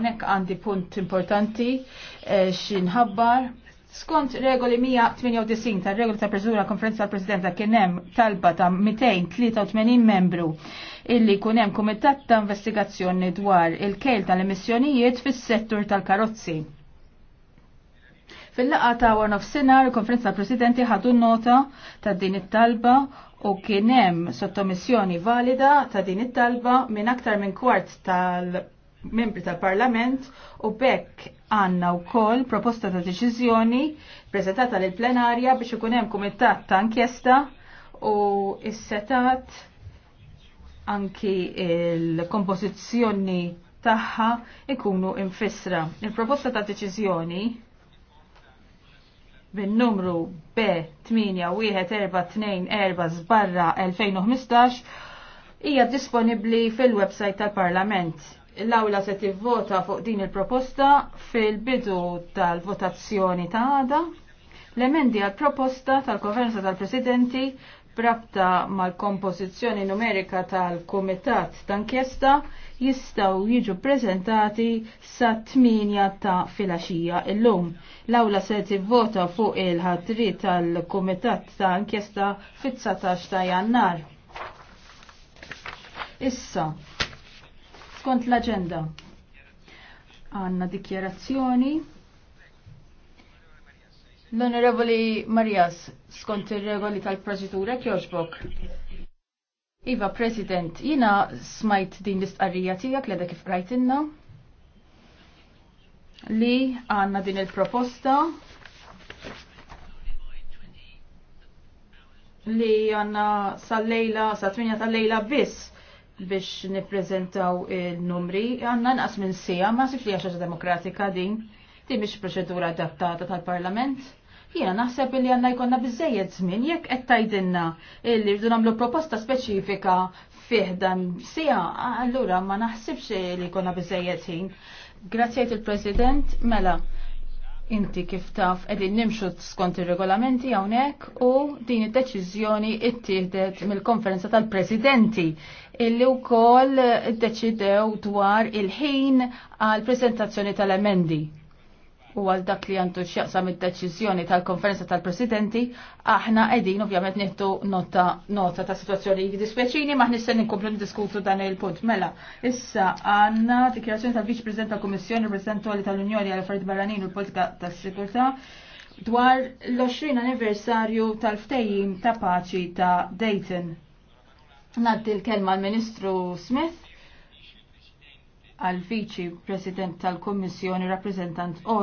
Unek għandi punt importanti xin eh, xinħabbar. Skont regoli 198 tal regoli ta' prezura konferenza tal presidenta kien hemm talba ta' 283 membru illi kun hemm ta' investigazzjoni dwar il kel tal-emissjonijiet fis-settur tal-karozzi. Fil-laqa ta' Warn of Sinar, konferenza tal presidenti ħadu nota ta' din it-talba u kien hemm sottomissjoni valida ta' din it-talba minn aktar minn kwart tal- membri tal-Parlament u bekk għanna u kol proposta ta' deċiżjoni prezentata l plenarja biex ikun hemm kumitat ta' inkjesta u s-setat anki il-kompożizzjoni tagħha ikunu infissra. Il-proposta ta' deċiżjoni bin numru b 8142 sbarra 2015 hija disponibbli fil-website tal-Parlament. L-awla se tivvota fuq din il-proposta fil-bidu tal-votazzjoni ta' għada. L-emendi għal-proposta tal-Konferenza tal-Presidenti brabta mal-kompożizzjoni numerika tal-Kumitat tankjesta jistaw jiġu prezentati sa 8 ta' filaxija illum. L-awla se tivvota fuq il-ħatri tal-Kumitat ta' inkjesta fit-19 ta' jannar. Issa, skont l-agenda, għanna dikjerazzjoni. L-Onorevoli Marjas, skont il-regoli tal-Presitura, kjoġbok. Iva, President, jina smajt din l-istqarrija tijak l kif rajtinna li għanna din il-proposta li għanna sal-lejla, sa' tminja tal-lejla biss biex niprezentaw il-numri, għanna nqas minn sija, ma sifx li għaxaġa demokratika din, di biex proċedura adattata tal-parlament. Jiena naħseb li għanna jkonna bizzejed żmien jekk qed tajdinna illi rridu nagħmlu proposta speċifika fih dan sija, allura ma naħsibx li jkonna bizzejed ħin. Grazie il-President, mela. Inti kif taf edin nimxu skont ir-regolamenti hawnhekk u din id-deċiżjoni ittieħdet mill-konferenza tal-presidenti illi wkoll deċidew dwar il-ħin għal prezentazzjoni tal-emendi u għal dak li għandu x'jaqsam id-deċiżjoni tal-konferenza tal-presidenti, aħna qegħdin ovvjament nieħdu nota nota ta' situazzjoni dispjaċini s ħnisser ninkomplu diskutu dan il-punt. Mela, issa għandna dikjerazzjoni tal-Viċ President tal-Kummissjoni Reprezentwali tal-Unjoni għal affarijiet Barranin u l-Politika tas-Sigurtà dwar l-20 anniversarju tal ftejim ta' paċi ta' Dayton. Naddi l-kelma l-Ministru Smith għal viċi President tal-Kommissjoni Rappresentant Oli.